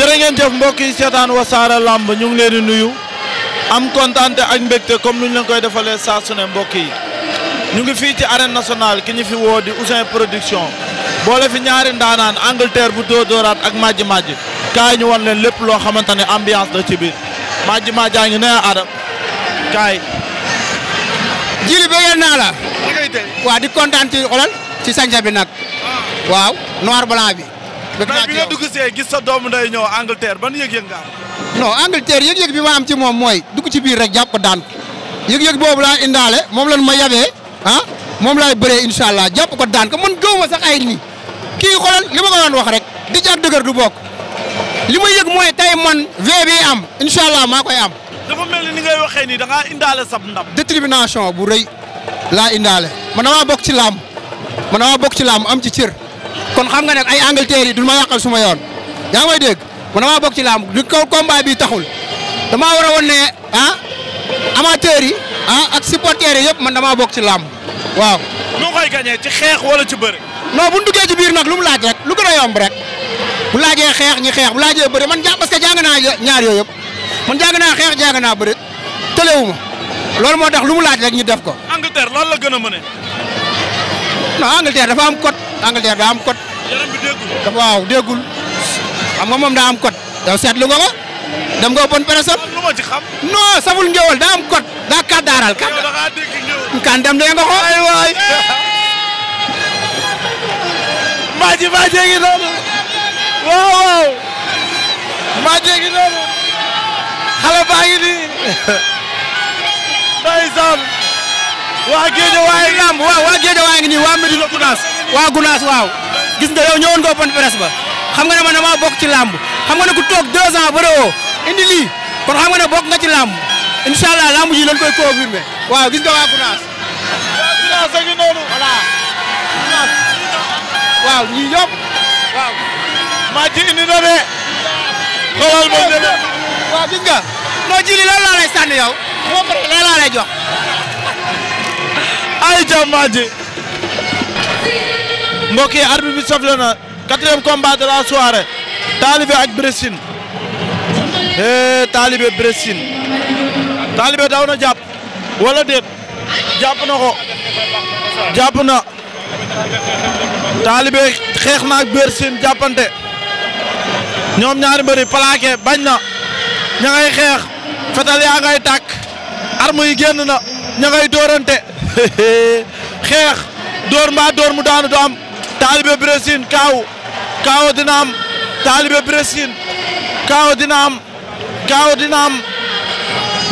jërë ngeen jëf mbokk yi seetaan wasaare lamb ñu ngi leen di nuyu am kontaante ak mbégte comme luñ leen koy defalee saa ne mbokk yi ñu ngi fii ci arène national ki ñu fi woo di Ouzin Production boole fi ñaari ndaanaan Angleterre bu dóor dóoraat ak Madji Madji kaay ñu wan leen lépp loo xamante ne ambiance la ci biir Madji Madji a ngi nee Adam kaay. jili bëggee naa la. waaw di kontaan ci xolal ci sañca bi nag. Ah. waaw noir blanc bi. dinaa bi nga dugg see gis sa doomu nday ñëw Angleterre ba yëg-yëg nga am. non Angleterre yëg-yëg bi ma am ci moom mooy dugg ci biir rek jàpp daan ko yëg-yëg boobu laa indaale moom lan ma yabee ah moom laay bëre incha jàpp ko daan ko man gëw ma sax ay nii kii xoolal li ma ko doon wax rek di jar dëgër du bok li ma yëg mooy tey man vee am incha maa koy am. dafa mel ni ni ngay waxee nii da ngaa indaale sab ndam. détermination bu rëy laa indaale man damaa bokk ci làmb man damaa bokk ci làmb am ci cër. kon xam nga ne ay Angleterre yi ma yàqal suma yoon yaa ngi may dégg man damaa bokk ci làmb du ko combat bi taxul damaa war a woon ne ah amateurs yi ah ak supporters yi yëpp man damaa bokk ci làmb waaw. nu koy gañee ci xeex wala ci bëri. non bu ñu duggee ci biir nag lu mu laaj rek lu gën a yomb rek bu laajee xeex ñi xeex bu laajee bëri man ja parce que jàng naa ñaar yooyu yëpp man jàng naa xeex jàng naa bëri tëlewuma loolu moo tax lu mu laaj rek ñu def ko. Angleterre lool la gën a mën non Angleterre dafa am code Angleterre daa am code. waaw déggul xam nga moom daa am code. yow seetlu nga ko dem nga bonne personne. lu ma ci xam. non saful ngéwal daa am code. daa kàddaaral dem dee nga ko. ay waay. Madji Madji noonu. waaw waaw. noonu. xale baa ngi waa Géejawaay lamb waaw waa Géejawaay ngi nii waa Medina Gunaas waa Gunaas waaw gis nga yow ñëwoon nga open presse ba xam nga ne ma damaa bokk ci lamb xam nga ne ku toog deux ans ba réewoo indi lii kon xam nga ne bokk nga ci lamb incha allah lamb ji lañ koy confirmer waaw gis nga waa Gunaas. waa a ngi noonu. voilà waaw ñii yëpp waaw. maa ci indi na de. xoolal moom demee. waaw gis nga. noo ji li lan ay jàmbaar ji mbokk yi arbitre bi sofle na quatrième combat de la ak Bresine eh Talibé Bresine Talibé daw na jàpp wala déet jàpp na ko jàpp na Talibé xeex na ak Bresine jàppante ñoom ñaari mbëri plaqué bañ na ña xeex fetal yaa ngay tàkk arme yi génn na ña ngay xeex door mbaa door mu daanu du taalibe Brésil kaaw kaaw dina am taalibe Brésil kaaw dina am kaaw dina am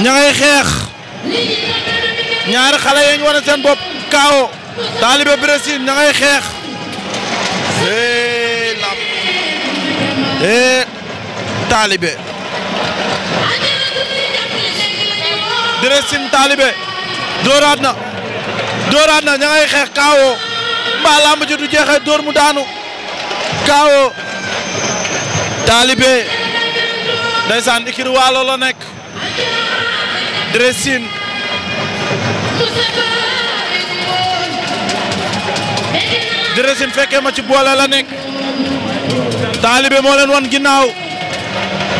ña ngay xeex ñaari xale yeñ wane seen bopp kaaw taalibe Brésil ña ngay xeex ee lam ee taalibe Brésil taalibe na dooraat na ña ngay xeex kaawoo mbaa làmb ji du jeexee dóor mu daanu kaawoo taalibe ndeysaan ikir waalo la nekk dresin dresin fekkee ma ci boole la nekk taalibe moo leen wan ginnaaw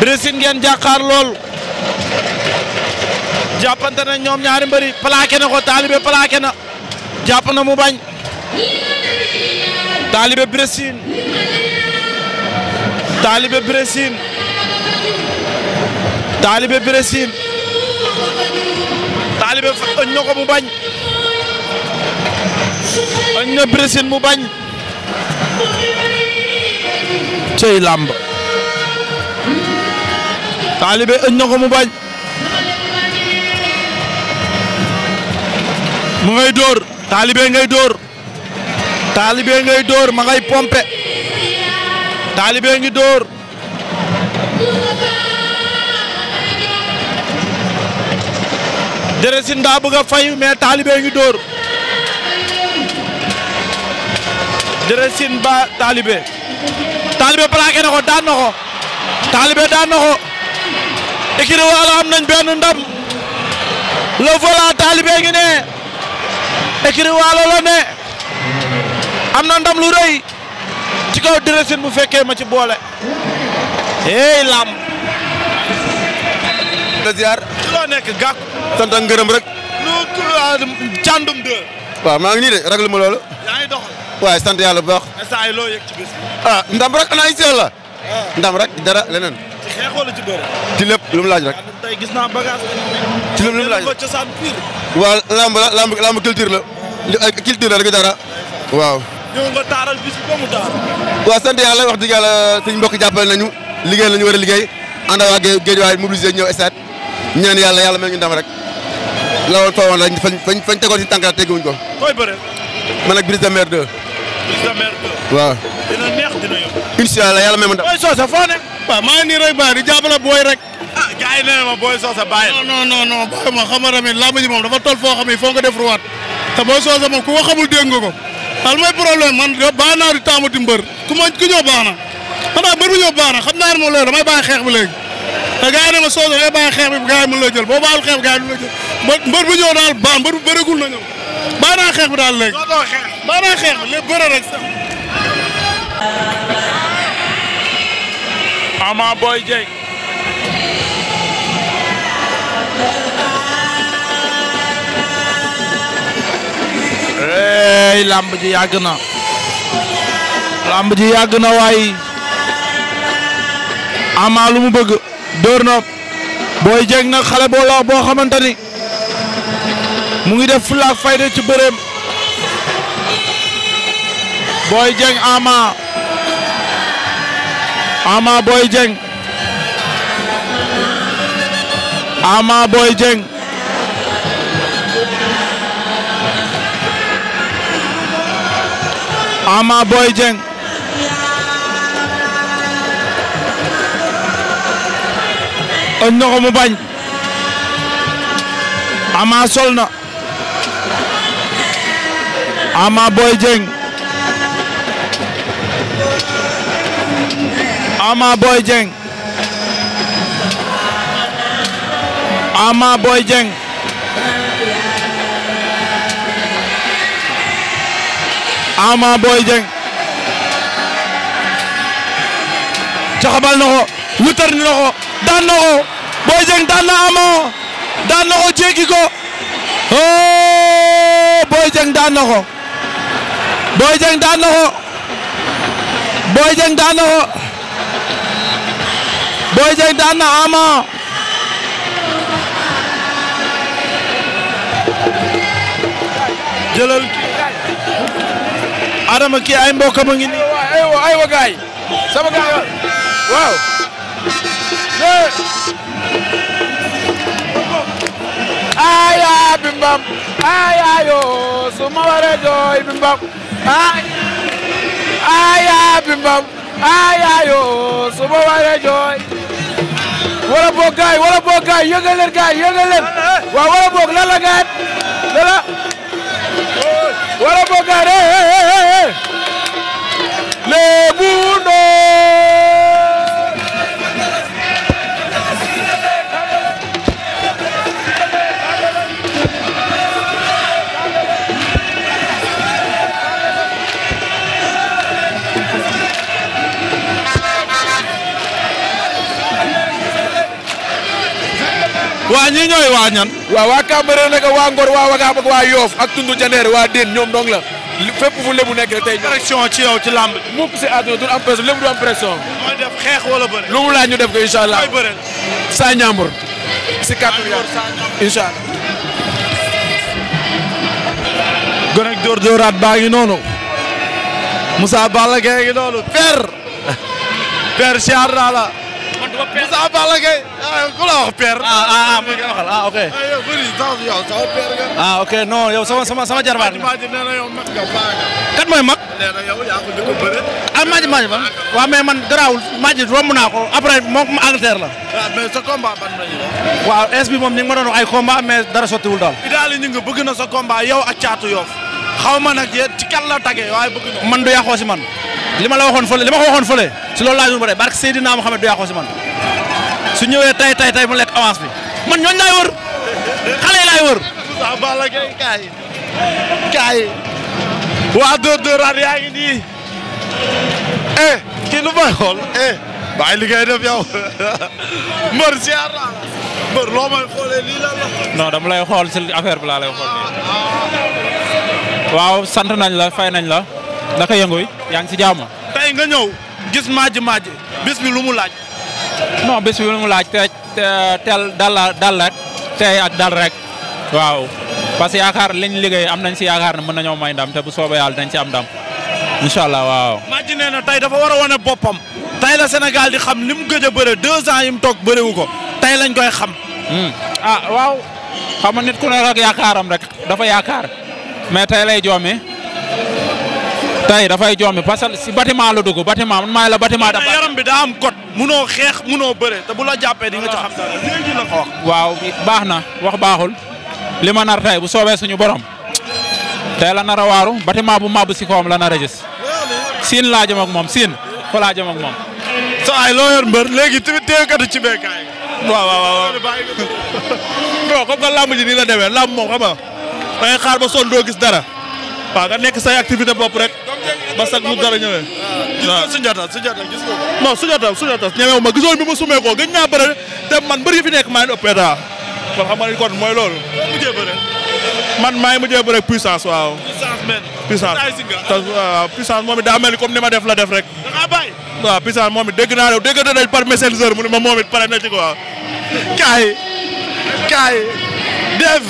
dresin ngeen jàkkaar lool jàppante ñoom ñaari mbëri plaqué ko taalibe plaqué jàpp na mu bañ taalibe Bressin taalibe Bressin taalibe Bressin taalibe ëñ na ko mu bañ ëñ na Bressin mu bañ cey làmb taalibe ëñ na ko mu bañ mu ngay dóor taalibe ngay dóor taalibe ngay dóor ma ngay pompe taalibe ngi dóor Dérésine daa bëgg fay mais taalibe ngi dóor Dérésine ba taalibe taalibe plaqué na ko daan na ko taalibe daan na ko écurie Walo nañ benn ndam le volant taalibe ngi ne écrit la ne am na ndam lu rëy ci kaw Dresine bu fekkee ma ci boole hey lam da ziar ci loo nekk gàkk sant ak ngërëm rek lu càndum ah, de waaw maa ngi nii de raglu ma loolu yaa waaye sant yàlla bu baax instant yi loo yëg ah, ndam rek ana inshallah ah. ndam rek dara leneen xeex wala ci bëre. ci lépp lu mu laaj rek. gis naa bagage. ci lépp lu mu laaj rek waaw lamb la lamb lamb culture la. ay culture rek dara. waaw. ñëw nga taaral bis bi ba mu taar. waaw sant yàlla wax dëgg yàlla suñu mbokk jàppale nañu liggéey lañu war a liggéey ànd ak waa géej waay mobilisé ñëw stade ñaan yàlla yàlla may ñu ndam rek loolu toowoon rek fañ fañ tegoon si tànk la teguwuñ ko. koy bëre. man ak Brise de Mer de Mer 2. waaw. dina neex dina yomb. incha allah ndam. waaw maa ngi nii rek baax di jàppale booy rek. ah gars yi nee na ma booy Socé bàyyi. non non non bàyyi ma xam nga tamit làmb ji moom dafa toll foo xam ne foo nga def ruwaat te booy Socé moom ku ko xamul dégg nga ko daal mooy problème man baax naa di taamu di mbër ku ma ku ñëw baax na xanaa mbër bu ñëw baax na xam naa ne moom loolu damay bàyyi xeex bi léegi te gars yi ne ma Socé day bàyyi xeex bi gars yi mën la jël boo bàyyul xeex bi gars yi mën la jël mbër bu ñëw daal baax mbër bu bërëgul na ñëw baax naa xeex bi daal léegi baax naa xeex bi léegi bëre rek Ama Boy Dieng eey lamb ji yàgg na lamb ji yàgg na waaye Ama lu mu bëgg dóor na Boy Dieng nag xale boo la boo xamante ni mu ngi def fulla ak fayda ci bëreem Boy Dieng Ama Ama booy Dieng Ama booy Dieng Ama Boy Dieng ëñ na ko bañ Ama sol na Ama Boy Dieng Ama Boy Dieng Ama Boy Dieng caxabal na wutar na ko daan na ko na Ama daan na ko jéggi ko oh Boy Dieng daan na ko Boy Dieng daan na ko Boy Boy Dieng daan na Ama jëlal Adama kii ay mbokkam a ngi nii aywa aywa gaay sama gaay waaw bimbam aya yo suma wara bimbam aya bimbam aya yo suma wara wala boog gaay wala boog gaay yëngal leen gaay yëngal leen gaay lan la wala boog gaay eh eh eh waa ñi ñooy waa ñan waaw waa Cambérène nag waa Ngor waa Wakaam ak waa Yoof ak tundu jandeer waa Dén ñoom dong la fépp fu lébu nekk rek tey pression ci yow ci lamb mukk si àdduna du am pression du am xeex wala bëre lu mu laaj ñu def ko incha allah saa ñambur si kàttu incha allah gonek dóor dóoraat baa ngi noonu Moussa Balla Gaye ngi noonu père père siyaar naa la Moussa Balla Gaye ah ku la wax père. ah ah ah nga waxal ah ok. Ah, yow bëri yow ah, non sama sama kat mooy mag. nee a ah, Maaji Maaji man waaw mais man Maaji romb naa ko après moom Angleterre la. waaw mais sa combat moom ñu ma doon ay combat mais dara sottiwul daal. na sa combat yow ak caatu Yoff. xaw ma na. man du yàqoo man. li la waxoon fële li ma ko waxoon fële. si loolu laa doon bëre barke Seydina Mohamed du man su ñëwee tay tay tay mu lekk avance bi man ñooñu lay wër xale yi wër. kaay waa Dóor Dóoraat yaa ngi nii eh kii lu may xool eh waaye def yow mbër ziar naa mbër loo may lii lan la. non dama lay xool si affaire bi laa lay xool nii. waaw sant nañ la fay nañ la naka yëngu yaa ngi si jaamu. tey nga ñëw gis maaji maaji bis bi lu mu laaj. non bés bi lu mu laaj te teel dal la dal ak dal rek waaw parce que yaakaar liñ liggéey am nañ si yaakaar ne mën nañoo may ndam te bu soobee yàlla dañ si am ndam incha allah waaw. Madji nee na tey dafa war a wane boppam tey la Sénégal di xam li mu gëj a bëre deux ans yi mu toog bërewu ko tey lañ koy xam. Hmm. ah waaw xam nga nit ku ne rek yaakaaram rek dafa yaakaar mais tey lay joome tey dafay jombi parce que si bâtiment la dugg bâtiment man maay la bâtiment. dafa yaram bi daa am code munoo xeex munoo bëre te bu la jàppee di nga ci la waaw baax na wax baaxul li ma nar tey bu soobee suñu borom tey la nar a waaru bâtiment bu màbb si kawam la nar a gis siin laa jëm ak moom siin fa laa jëm ak moom. sa ay loo yor mbër léegi tamit téyekatu ci béykat yi. waaw waaw waaw non comme que làmb ji nii la demee làmb moom xam nga da ngay xaar ba sonn doo waaw nga nekk say activité bopp rek ba sax lu dara ñëwee. waaw gis nga Sunjata Sunjata gis ma gisoon bi ma sumee ko gëj naa bëre te man bëri fi nekk maa ngi ëpp xam nga kon mooy lool mujjee bëre. man maa ngi mujjee bëre puissance waaw. puissance men. puissance waaw puissance moom it daa mel ni comme ma def la def rek. da ngaa moom it naa ne dégg nañ par messenger mu ne ma moom it pare na ci quoi. kaay kaay. chef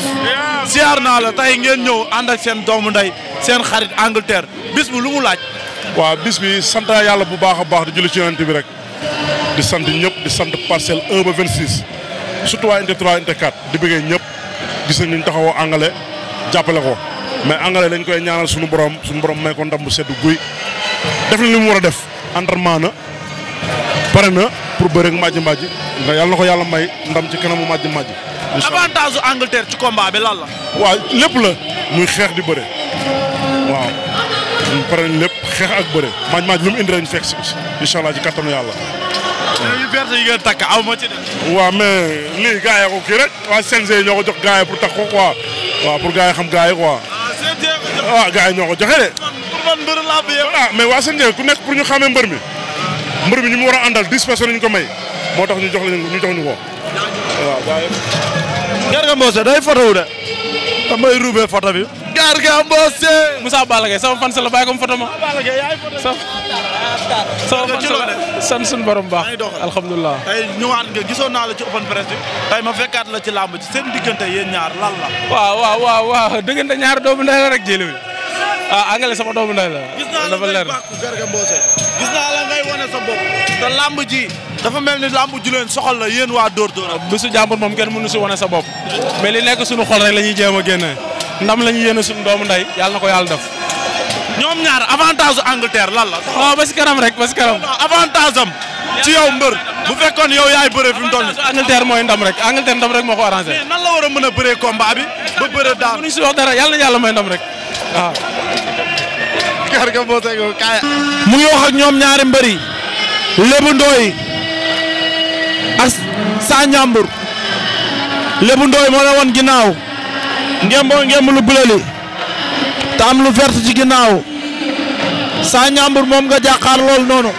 siyaar naa la tey ngeen ñëw ànd ak seen doomu ndey seen xarit Angleterre bis bu lu mu laaj. waaw bis bi sant yàlla bu baax a baax di julli ci yonent bi rek di sant ñëpp di sant parcelle 1 ba 26 surtout waa unité 3 unité 4 di bëggee ñëpp gis nañ ñu taxawoo angale jàppale ko mais angale lañ koy ñaanal suñu borom suñu borom may ko ndam bu sedd guy def na li mu war a def entraînement na pare na pour bëre ak Madji nga yàlla na ko yàlla may ndam ci kanamu Madji Madji. avantage su Angleterre ci combat bi lan la. waaw lépp la muy xeex di bëre. waaw ñu pare lépp xeex ak bëre. maaj maaj lu mu indi rek ñu fekk kattanu yàlla. yu vert takk aw ma ci de. waaw mais lii gars kii rek waa CNG ñoo ko jox gars yi tax takk ko quoi waaw pour yi xam gars yi quoi. Ah, waaw ñoo ko joxe de. pour ah mais waa CNG ku nekk pour ñu xamee mbër mi. mbër mi ñu mu war a àndal dix personnes ñu ko may moo tax ñu jox la ñu jox nu ko. waaw waaye. Garga Mbossé day fotow de. damay ruubee foto bi. Garga Mbossé. Moussa Balla Gaye sama fan la bàyyi ko foto ma. Balla Gaye yaay foto sama fan borom baax. alhamdulilah. tey ñëwaat nga gisoon naa la ci open press bi. fekkaat la ci làmb ci seen diggante yéen ñaar lan la. waaw waaw waaw waaw diggante ñaar doomu ndey la rek jëlee. Ah, ah Angale sama doomu ndey la. dafa leer gis naa la ngay wane sa bopp te làmb ji dafa mel ni làmb ju la yéen waa Dóor Dóor. bisu jàmbur moom kenn mënu si wane sa bopp mais li nekk suñu xol rek la ñuy jéem a génne ndam la ñuy yéene suñu doomu ndey yàlla na ko yàlla def. ñoom ñaar avantage su Angleterre lan la. waaw ba si rek ba si kanam. avantage am ci yow mbër bu fekkoon yow yaay bëree fi mu toll. Angleterre mooy ndam rek Angleterre ndam rek moo ko arrangé. nan la war a mën a bëre daal. mënuñ si wax dara yàlla yàlla may ndam rek waaw garga mboose ko mu ngi wax ak ñoom ñaari mbër Lébu Ndooy ak Sa Ndiambour Lébu Ndooy moo la woon ginnaaw ngemboo ngemb lu bulali te am lu vert ci ginnaaw Sa Ndiambour moom nga jàkkaar lool noonu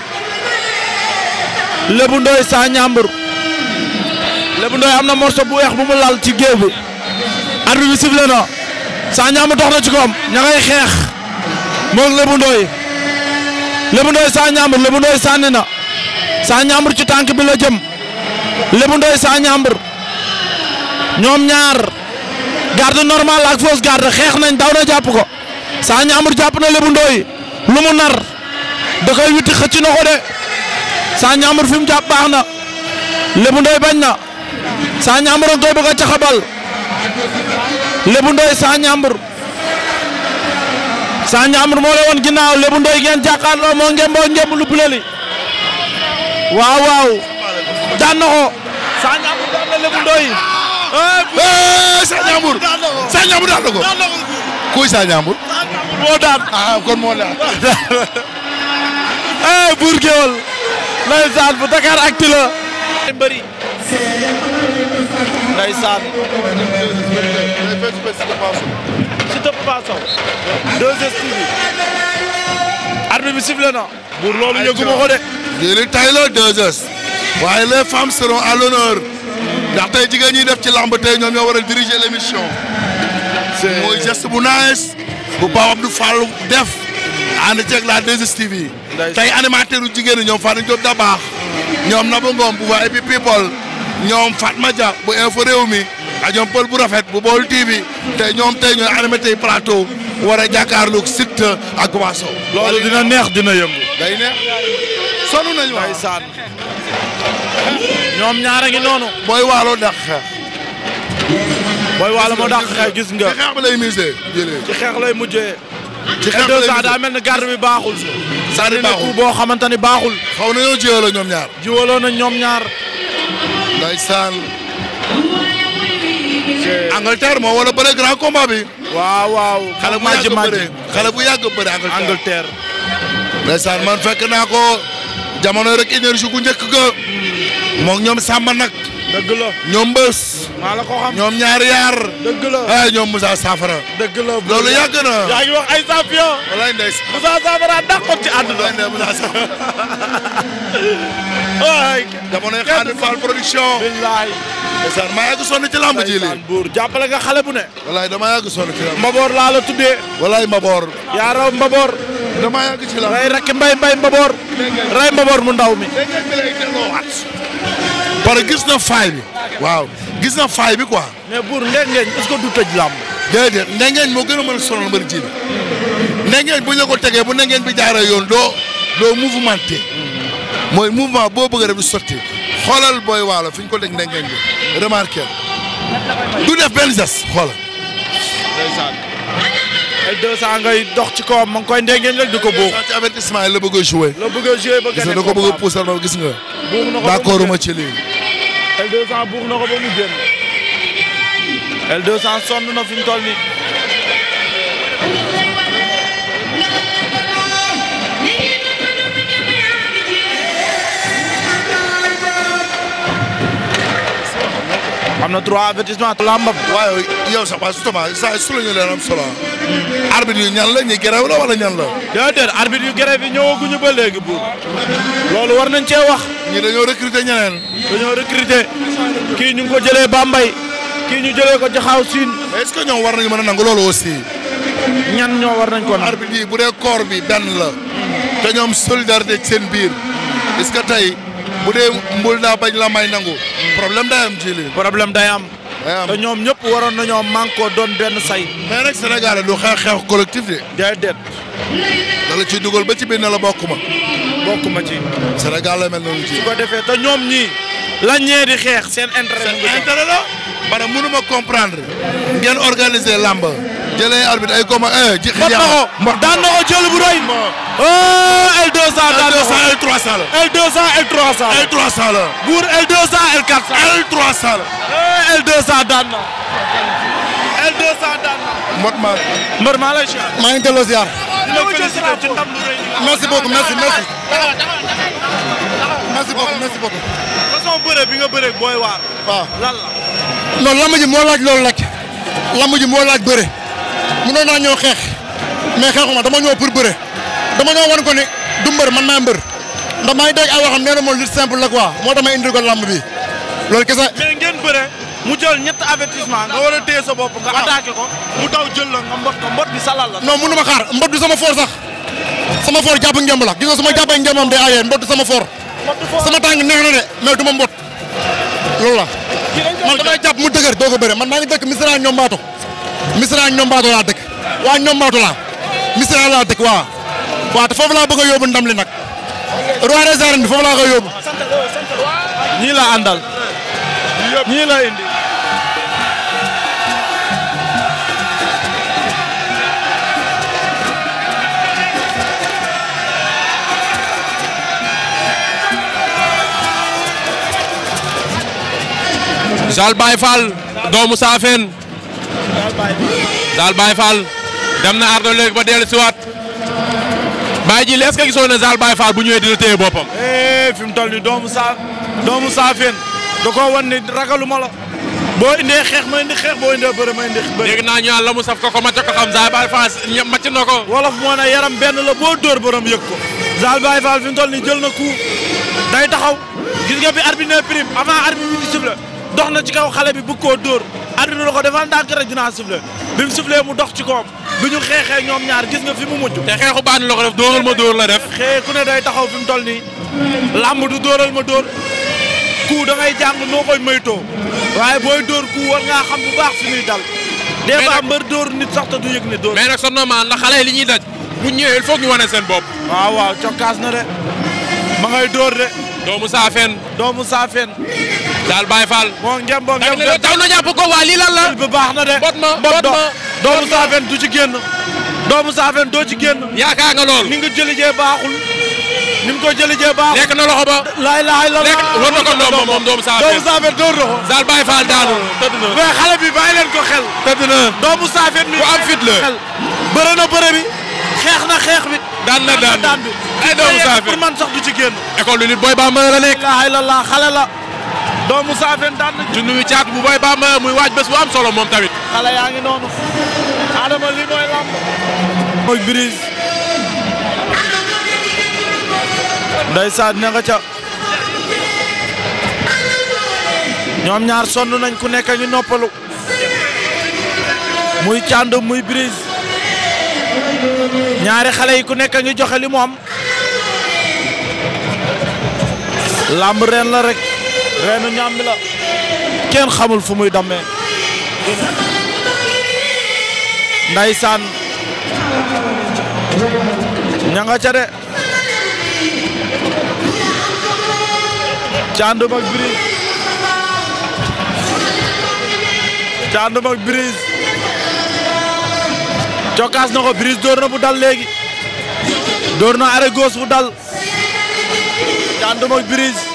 Lébu Ndooy Sa Ndiambour am na morso bu weex bu mu lal ci géew bi arbitre bi sifle na Sa dox na ci koom ña xeex moog Lébu Ndoye Lébu Ndoye saa ñaambur Lébu Ndoye sànni na saa ñaambur ci tànk bi la jëm Lébu Ndoye saa ñaambur ñoom ñaar garde normal ak fausse garde xeex nañ daw na jàpp ko saa ñaambur jàpp na Lébu Ndoye lu mu nar da koy witti xëcc na ko de saa ñaambur fi mu jàpp baax na Lébu bañ na saa ñaambur a koy bëgg a caxabal Lébu Ndoye Sa Ndiambour moo la woon ginnaaw Lébu Ndoye ngeen jàkkaarloo moo ngeen boo lu bule li daan na ko Sa daan na Lébu Ndoye eh, Sa Ndiambour Sa Ndiambour daan na ko kuy Sa Ndiambour daan ah kon moo daan eh buur géwal ndeysaan bu Dakar Actu Siteu Papa Sow 2STV arbitre bi loolu yëguma ko de lii tay la 2S waaye les femmes seront à l'honneur ndax tey jigéen ñi def ci lamb tey ñoom ñoo war a diriger l'émission mooy geste bu nice bu Pape Abdou Fall def ànd ceeg la 2STV tey animateur jigéen ñoom Fatou Diop da baax ñoom Nabou Ngom bu waa Happy People ñoom Fatma Dia bu info réew mi ak ñoom pël bu rafet bu bool TV te ñoom tey ñooy animé tey plateau war a jàkkaarloog Siteu ak Papa Sow. loolu dina neex dina yëngu. day neex sonu nañu waay saan ñoom ñaara ngi noonu. booy waalo dàq xeex. booy waalo moo dàq xeex gis nga. ci xeex bi lay musée. ci xeex lay mujjee. ci xeex bi lay mujjee daa mel ni garde bi baaxul. saa di baaxul boo xamante ni baaxul. xaw nañoo jiwaloo ñoom ñaar. jiwaloo na ñoom ñaar. ndeysaan. Angleterre moo wala bëre grand combat bi. waaw waaw. xale bu yàgg bëre xale bu yàgg bëre Angleterre. ndeysaan man fekk naa ko jamono rek énergie gu njëkk ga. Hmm. moom ñoom sàmm nag. dëgg la bës. maa la ko xam ñoom ñaari yaar. dëgg la ay eh, ñoom Moussa Safara. dëgg la loolu yàgg na. yaa ngi wax ay champion. walaay ndey Moussa Safara dàqoon ci àdduna. walaay ndey Moussa Safara. waay. jamonoy Xaadim Fall production. billaay. ndeysaan maa yàgg sonn ci lamb ji lii. buur jàppale nga xale bu ne. walaay dama yàgg sonn ci lamb. Mbaboor laa la tuddee. walaay Mbaboor. yaa raw Mbaboor. dama yàgg ci lamb. ray rakk mbay mbay Mbaboor. ray Mbaboor mu ndaw mi. parce que gis na faay bi waaw. gis na faay bi quoi. mais buur ndengeñ est-ce que du tëj làmb. déedéet ndengeñ moo gën a mën a sonal mbër ji bi ndengeñ bu ñu la ko tegee bu ndengeñ bi jaara yoon doo doo mouvementé mooy mouvement boo bëgg rek du sotti xoolal booy waalo fi ñu ko dégg ndengeñ bi remarqué du def benn geste xoolal. ndeysaan ay 200 ngay dox ci kawam ma ngi koy ndengeñ rek di ko buux. ci avertissement la bëgg a joué. la bëgg a joué ba gën a ko gis nga da a puusal ba gis nga. d'accord ma ci L200 buux na ko ba mu génn L200 sonn na fi mu toll nii am na trois avertissements. lambam waaye yow sax waaye justement saa su la ñu leen am solo arbitre yu ñan la ñi grève la wala ñan la. déedéet arbitre yu grève yi ñëwaguñu ba léegi bu loolu war nañ cee wax. ñi dañoo recruter ñeneen. dañoo recruter kii ñu ngi ko jëlee Bambey kii ñu jëlee ko Jaxaaw Siin. mais est-ce que ñoom war nañu mën a nangu loolu aussi. ñan ñoo war nañ ko nangu. arbitre yi bu dee koor bi benn la. te ñoom solidarité ci seen biir. est-ce tey bu dee mbul daa bañ la may nangu. problème day am ci lii. problème am. ñoom ñëpp waroon nañoo manko doon benn say. mais nag Sénégal du xeex xeex collectif de. déedéet. dala ci dugal ba ci biir ne la bokk ma. bokk ma ci. Sénégal la mel noonu ci. defee te ñoom ñii la ñee di xeex seen intérêt. la intérêt la. maanaam mënuma comprendre. ngeen organiser làmb. jëlee arbitre ay combat eh ji. xëy na daan na ko bu rëy. L200 la. L200 L300 la. L300 la. buur L200 L400 la. L300 la. Eh, L200 daan na. na. Mbot maa. Mbot maa lay ziar. maa ngi delloo ziar. merci beaucoup merci merci. merci beaucoup merci beaucoup. façon bëre bi nga bëre booy waar. waaw lan la. non lamb ji moo laaj loolu rek. lamb ji moo laaj bëre. mënoon naa ñëw xeex. mais xeexuma dama ñëw pour bëre. dama ñëw wan ko ni du mbër man naa mbër. ndax maa ngi a ay waxam nee na moom lutte simple la quoi moo tax ma indil ko lamb bi loolu kese. mais mu jël ñett avertissement nga war a téye sa bopp nga attaqué ko mu daw jël la nga mbot ko mbot bi salal la non mënu ma xaar mbot du sama foor sax sama foor jàpp ngemb la gis nga su ma jàppee ngembam day mbot du sama foor sama tàng neex na de mais du ma mbot loolu la man jàpp mu dëgër doo bëre man maa ngi dëkk Missirah ñoom Mbaato Missirah ñoom dëkk waa ñoom Mbaato laa Missirah dëkk waaw waaw te foofu laa bëgg a yóbbu ndam li nag roi des arènes bi la àndal ñii Zal Baye Fall doomu Saafeen Zal Baye Fall dem na ardo léegi ba dellu siwaat Baye Djily est-ce que gisoo ne Zal Baye Fall bu ñëwee dina téye boppam. Eh, fi mu toll nii doomu saa doomu Saafeen da koo wan ni ragaluma la. boo indee xeex ma indi xeex boo indee bëre ma indi bëre. dégg naa ñu la mu saf ko ko macc ko xam Zal Baye Fall ñëpp na ko. wolof moo ne yaram benn la boo dóor borom yëg ko. Zal Baye Fall fi mu toll jël na coup day taxaw gis nga bi arbitre prime dox na ci kaw xale bi bëgg koo dóor àdduna la ko defal ndànk rek dinaa sifflé bi mu dox ci koom bi ñu xeexee ñoom ñaar gis nga fi mu mujj te xeexu baan la ko def dóoral ma dóor la def xee ku ne day taxaw fi mu toll nii làmb du dóoral ma dóor ku da ngay jàng noo koy moytoo waaye booy dóor ku war ngaa xam bu baax fi muy dal des fois mbër dóor nit sax du yëg ne dóor mais nag son normal la xale li ñuy daj bu ñëwee il faut ñu wane seen bopp waaw waaw cokkaas na de ma ngay dóor de doomu saafeen daal Baye Fall. moo ngem boo ngem gën taw na jàpp ko waa lii lan la. bu baax na de mbot ma mbot ma doomu saafen du ci génn. doomu saafen doo ci génn. yaakaar nga lool ni nga jëlijee baaxul. ni mu ko jëlijee baaxul lekk na loxo ba. laay laay la lekk war na ko ndoom moom doomu saafen doomu saafen dóor na ko. daal Baye Fall daanu tëdd na. mais xale bi bàyyi leen ko xel. tëdd na doomu saafen mi. bu am fit la xel bëre na bëre bi. xeex na xeex bi. daan na daan bi ay doomu saafen pour man sax du ci génn. école lu nit booy ba mën la nekk. laay la la xale la doomu Saafeen daan na. di caat bu bay bàmba muy waaj bés bu am solo moom tamit. xale yaa ngi noonu. Adama lii mooy lamb. mooy Brise. ndeysaan ne nga ca. ñoom ñaar sonn nañ ku nekk ñu noppalu. muy Thiandoum muy Brise. ñaari xale yi ku nekk a ngi joxe li mu am. làmb ren la rek. reenu ñàmbi la kenn xamul fu muy dammee ndaysaan ña nga ca de caandum ak brise caandum ak brise cokkaas na ko brise door bu dal léegi door na arrêt bu dal caandum ak brise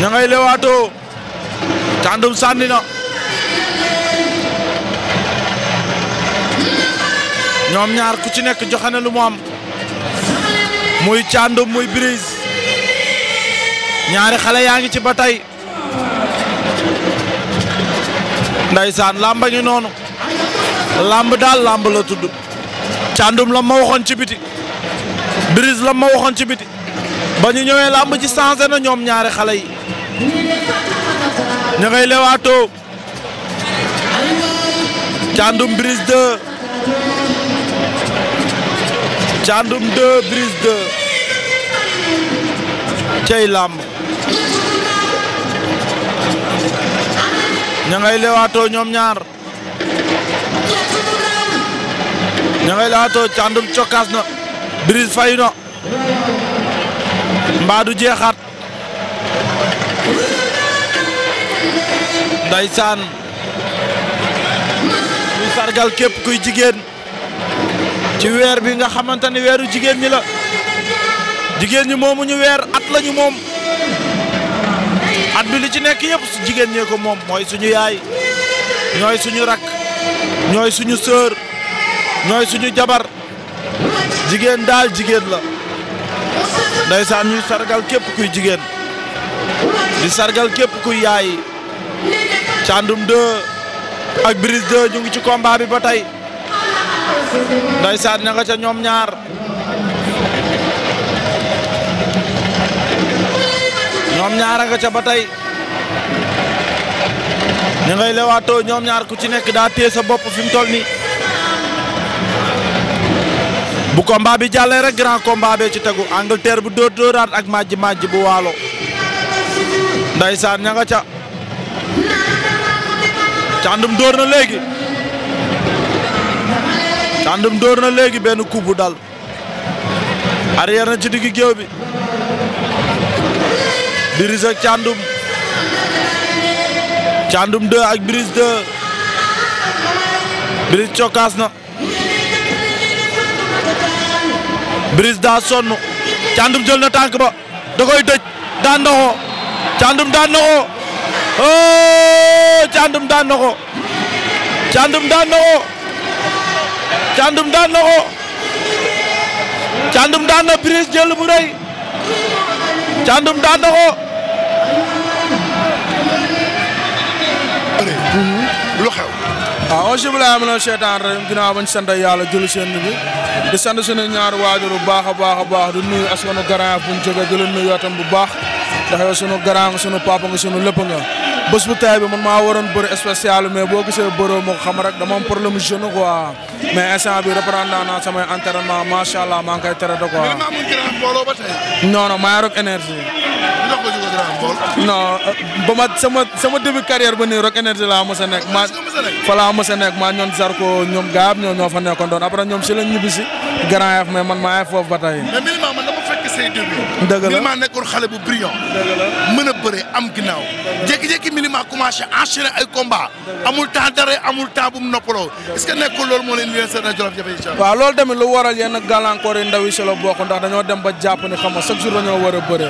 ña ngay lewaatoo Thiandoum sànni na ñoom ñaar ku ci nekk joxe na lu mu am muy Thiandoum muy Brise ñaari xale yaa ngi ci ba tey ndaysaan làmb làmba ngi noonu làmb daal làmb la tudd Thiandoum la ma waxoon ci biti Brise la ma waxoon ci biti ba ñu ñëwee làmb ci changé na ñoom ñaari xale yi ña ngay lewaato Thiandoum Brise 2 Thiandoum 2 Brise 2 cey làmb ña ngay lewaato ñoom ñaar ña ngay lewaato Thiandoum cokkaas na Brise fayu na mbaa du jeexaat daysaan muy sargal képp kuy jigéen ci weer bi nga xamante ni weeru jigéen ñi la jigéen ñi moomu ñu weer at lañu moom at bi li ci nekk yëpp jigéen ñee ko moom mooy suñu yaay ñooy suñu rak ñooy suñu sœur ñooy suñu jabar jigéen daal jigéen la ndaysaan ñuy sargal képp kuy jigéen di sargal képp kuy yaay Thiandoum 2 ak Brise 2 ñu ngi ci combat bi ba tey ndeysaan ña nga ca ñoom ñaar ñoom ñaar a nga ca ba tey ñu ngay lewaatoo ñoom ñaar ku ci nekk daa téye sa bopp fi mu toll nii bu combat bi jàllee rek grand combat bee ci tegu Angleterre bu dóor dóoraat ak majji majji bu waalo ndeysaan ña nga ca Thiandoum dóor na léegi Thiandoum dóor na léegi benn coup bu dal arrière na ci digg géew bi Brise ak Thiandoum Thiandoum 2 ak Brise 2 Brise cokkaas na Brise daa sonn Thiandoum jël na tànk ba da koy dëj daan na ko Thiandoum daan na Thiandoum daan na ko Thiandoum daan na ko Thiandoum daan na ko Thiandoum daan na prise bu rëy Thiandoum daan na ko. lu xew. waaw auzu billaahi mina sheytaani rajiim yàlla julli seen bi di sant sunu ñaar waajur bu baax a baax a baax di nuyu askanu Grand Yoff bu ñu jógee di yootam bu baax ndax yow sunu grand nga sunu papa sunu lépp bés bu tey bi man maa waroon bëri spécial mais boo gisee bëroo moo xam rek dama am problème jeune quoi mais instant bi reprendre naa naa samay entraînement macha allah maa ngi koy traité quoi. mais maa ngi gën mbooloo ba maa ngi Rock Énergie. non ba ma sama sama début carrière ba nii Rock Énergie la mos a nekk maa. fa mos a maa ñoon Zarko ñoom Gaab ñoo ñoo fa nekkoon doon après ñoom si la ñibbi si. Grand Yoff man maa ngi foofu ba tey. say début. dëgg la Milima nekkoon xale bu brillant. mën a bëre am ginnaaw. jékki-jékki Milima commencé enchaîner ay combat amul temps dara amul temps bu mu noppaloo est-ce que nekkul loolu moo leen indi seen rajo jafe-jafe. waaw loolu tamit lu waral yenn gàllankoor yi ndaw yi si la ndax dañoo dem ba jàpp ni xam nga chaque jour dañoo war a bëre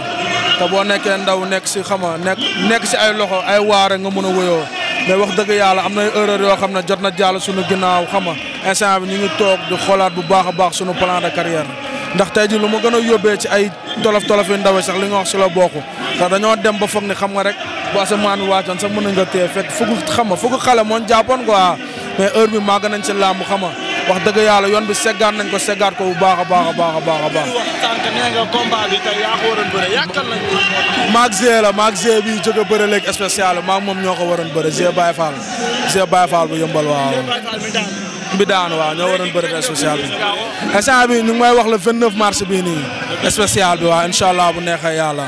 boo nekkee ndaw nekk si xam nga nekk nekk si ay loxo ay waare nga mën a woyoo mais wax dëgg yàlla am na erreur yoo xam ne jot na jàll suñu ginnaaw xam nga instant bi ñu ngi toog di xoolaat bu baax a baax suñu plan de carrière ndax tey ji lu mu gën a yóbbee ci ay tolof tolof yu ndawe sax li nga wax si la bokku dañoo dem ba foog ne xam nga rek bu asamaan bi wàccoon sax mën na nga tee fekk fugu xam nga fugu xale moon jàppoon quoi mais heure bi màgg nañ si làmb xam nga wax dëgg yàlla yoon bi seggaat nañ ko seggaat ko bu baax a baax a baax a baax a baax. sànq nee nga la maag bi jóge bëre léegi spécial maag moom ñoo ko waroon bëre Zé Baye Fall Zé Baye Fall bu yëmbal waaw. bi daanu waaw ñoo waroon bëri spécial bi instant bi ñu ngi may wax le 29 mars bii nii spécial bi waaw incha bu neexee yàlla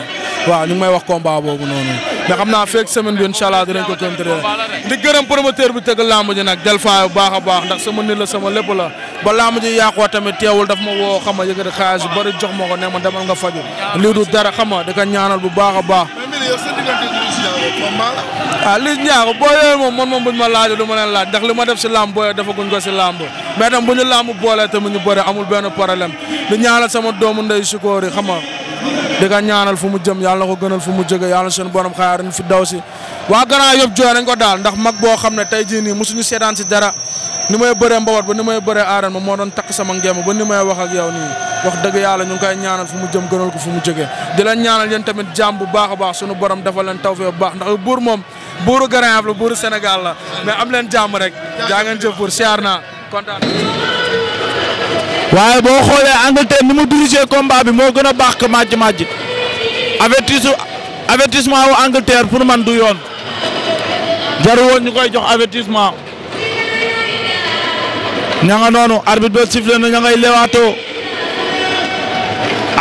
waaw ñu ngi may wax combat boobu noonu mais xam naa feeg semaine bi incha allah dinañ ko contrôler di gërëm promoteur bi tëgg lamb ji bu baax a baax ndax sama nit la sama lépp la ba lamb ji yàqoo tamit teewul daf ma woo xam nga yëkkati xaalis bu bëri jox ma ko ne ma demal nga faju lii du dara xam di ko ñaanal bu baax baax loolu yow sa la. ah Liss Ndiago boo yooyu moom man moom buñ ma laajee du ma leen laaj ndax li ma def si làmb booyoo defaguñ ko si làmb mais tam bu ñu làmb boolee tamit ñu bëre amul benn problème di ñaanal sama doomu ndey Sikoor yi xam nga di ko ñaanal fu mu jëm yàlla na ko gënal fu mu jóge yàlla seen borom xaar fi daw si waa grand yëpp jooy nañ daal ndax mag boo xam ne tey jii nii mosuñu seetaan si dara ni may bëree mbabat ba ni may bëree aaraan ma moo doon takk sama ngeem ba ni may wax ak nii wax dëgg yàlla ñu ngi koy ñaanal fu mu jëm gënal ko fu mu jógee di leen ñaanal yéen tamit jàmm bu baax a baax suñu borom dafa leen taw bu baax ndax buur moom buuru Garañaaf la buuru Sénégal la mais am leen jàmm rek jaa ngeen jëf pour siyaar naa kontaan waaye boo xoolee Angleterre ni mu dirigé combat bi moo gën a baax que màjj màjj avertissement avertissement wu pour man du yoon jaru woon koy jox avertissement ña nga noonu arbitre ba sifflé na ña ngay lewaatoo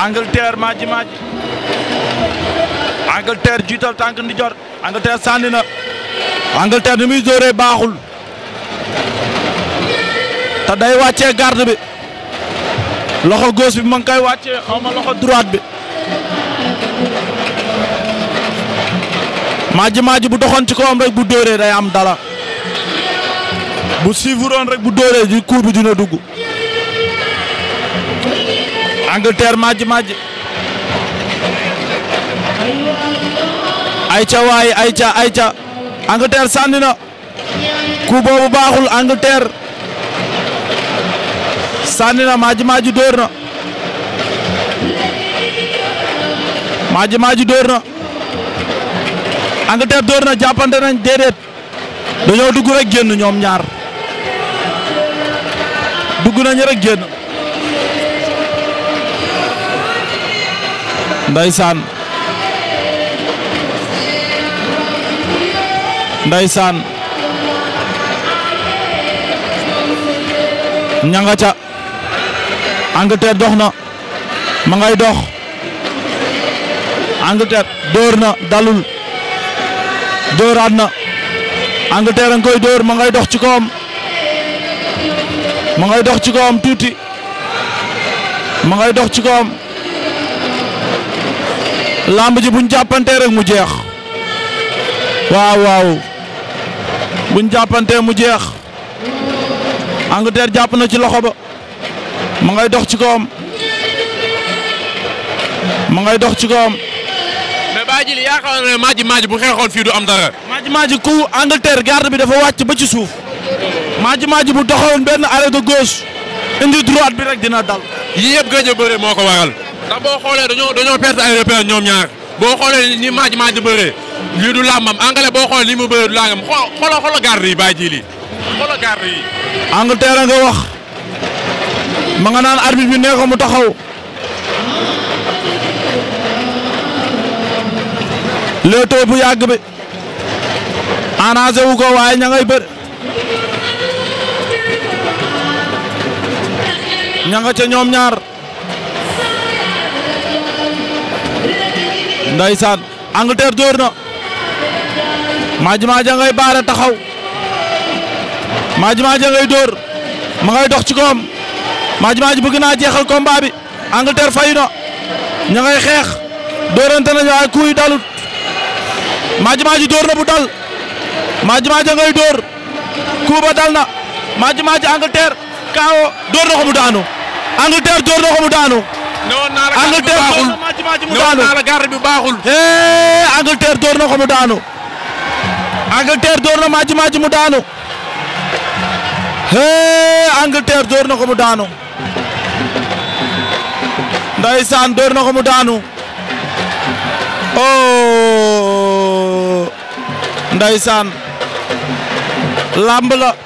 Angleterre maaji maaji Angleterre jiital tànk ndi jor Angleterre sànni na Angleterre ni muy dóoree baaxul te day wàccee garde bi loxo gauche bi ma ngi koy wàccee loxo droite bi maaji maaji bu doxoon ci kawam rek bu dóoree day am dara bu siifuroon rek bu dóoree ji coup bi dina dugg Angleterre majj majj ayca waay ayca ayca Angleterre sànni na coup boobu baaxul Angleterre sànni na majj majj dóor na majj majj dóor na Angleterre dóor na jàppante nañ déedéet dañoo dugg rek génn ñoom ñaar. dugg nañu rek génn ndeysaan ndeysaan ña nga ca Angleterre dox na ma ngay dox Angleterre dóor na dalul dóoraat na koy dóor ma ngay dox ci kawam mu ngay dox ci kawam tuuti ma ngay dox ci kawam lamb ji buñ jàppantee rek mu jeex waaw waaw buñ jàppantee mu jeex Angleterre jàpp na ci loxo ba ma ngay dox ci kawam ma ngay dox ci kawam. mais Baye Djily yaakaar naa ne maaji maaji bu xeexoon fii du am dara. maaji maaji ku Angleterre garde bi dafa wàcc ba ci suuf. maaji maaji bu doxaloon benn arrêt de gauche indi droite bi rek dina dal. yii yëpp gëj moo ko waral. ndax boo xoolee dañoo dañoo perte ay repères ñoom ñaar boo xoolee ni maaji maaji bëree lii du làmbam angale boo xoolee ni mu bëree du làmbam xooloo xooloo garde yi bàyyi ji lii xooloo garde wax ma nga naan arbitre bi nee ko mu taxaw. léetoo bu yàgg bi arrangé wu ko waaye ña ngay ña nga ca ñoom ñaar ndeysaan Angleterre door na maaj maaja baare taxaw maaj maaja ngay door ma ngay dox ci koom maaj maaja bëgg naa jeexal combat bi Angleterre fay na xeex doorante nañu ay kuy dalut maaj maaja door bu dal maaj maaja ngay door kuuba dal na maaj maaja Angleterre kaawo door na daanu Angleterre door na ko mu daanu. Angleterre door na ko mu daanu. Angleterre door na ko mu daanu. Angleterre door door na ko mu daanu. Ndeysaan door na ko mu daanu. Oh Ndeysaan lamb